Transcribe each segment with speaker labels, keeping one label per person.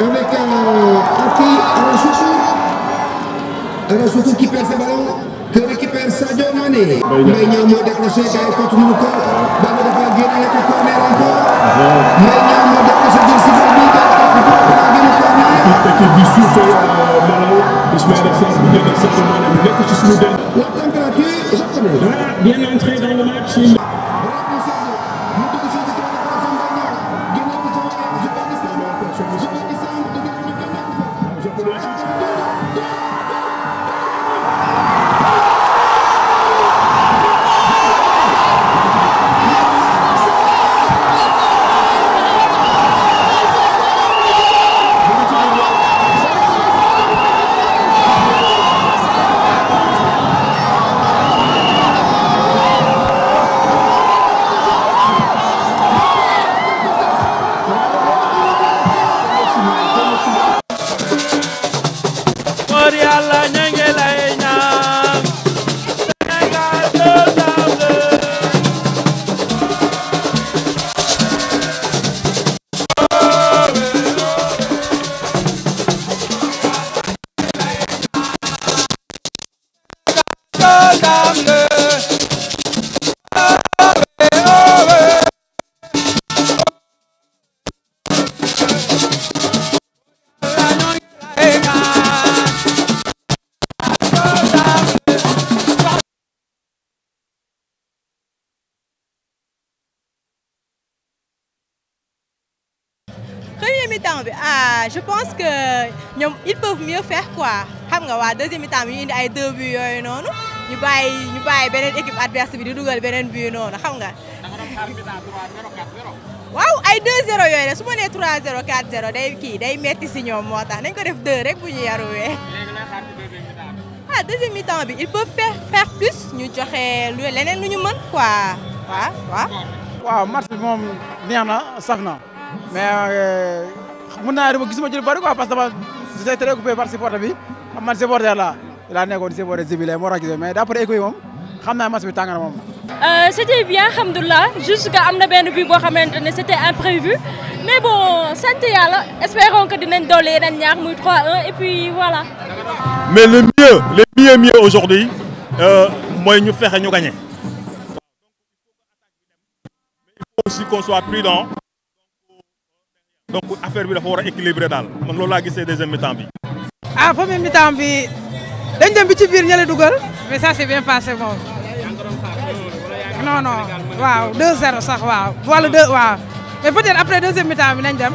Speaker 1: Avec un, un Soussou, qui perd ce ballon, é que é récupère Sadio Mané. Meignan m'a décroché, Gaël contre mon corps, ballon de Valgué, il est au corner encore. Meignan m'a décroché, Dirsi Valgué, Gaël contre mon corps, Valgué au corner. Petite blessure sur Malao, Ismaël Assas, Bouguet Assas, Mané, Bouguet, é que je suis La température, j'attendais. Voilà, ah, bien entré dans le match. Voilà, pour Sadio, nous devons mi ah, je pense que ñoom ils peuvent mieux faire quoi xam nga waa deuxième mi-temps bi ñu deux buts yooyu euh, ñu bàyyi ñu bàyyi beneen équipe adverse bi di dugal beneen bii noonu xam nga. da nga doon xaar waaw ay 2-0 yooyu la su ma nee 3-0 day kii day metti si ñoom moo tax nañ def 2 rek bu ñu yaruwee. léegi ah, laa xaar ci deuxième bi. ah bi ils peuvent plus ñu joxe lu leneen lu ñu mën quoi waaw waaw. waaw match bi moom neex na saf na mais euh, mun naa ne gisuma ci lu bari quoi parce que dama gisay très coupé par bi man supporter laa. il a négocié pour Zibi lay moo tax mais d'après après écho yi match bi tàng euh, bien Alhamdoulilah. Jusqu'à amna ben bi bo boo c'était imprévu mais bon santé Yalla, espérons que dinañ dolé yeneen ñaar muy 3-1 et puis voilà. mais le mieux le mieux mieux aujourd'hui euh, moy ñu fexé ñu gagné. il faut aussi qu'on soit prudent. donc affaire bi dafa war a équilibré dal. man loolu la gissé deuxième mi-temps bi. ah premier mi-temps bi. dañ dem bi ci biir ñale dugal mais ça s'est bien passé moom. non non waaw bi nañ dem.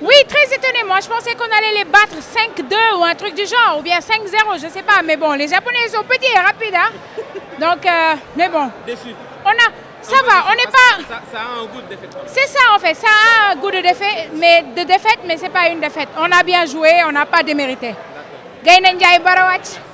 Speaker 1: Oui, très étonné. Moi, je pensais qu'on allait les battre 5-2 ou un truc du genre, ou bien 5-0, je ne sais pas. Mais bon, les Japonais sont petits et rapides. Hein. Donc, euh, mais bon. Déçu. On a, ça va, on n'est pas. Ça, a un goût de défaite. C'est ça en fait, ça a un goût de défaite, mais de défaite, mais c'est pas une défaite. On a bien joué, on n'a pas démérité. et Barawatch.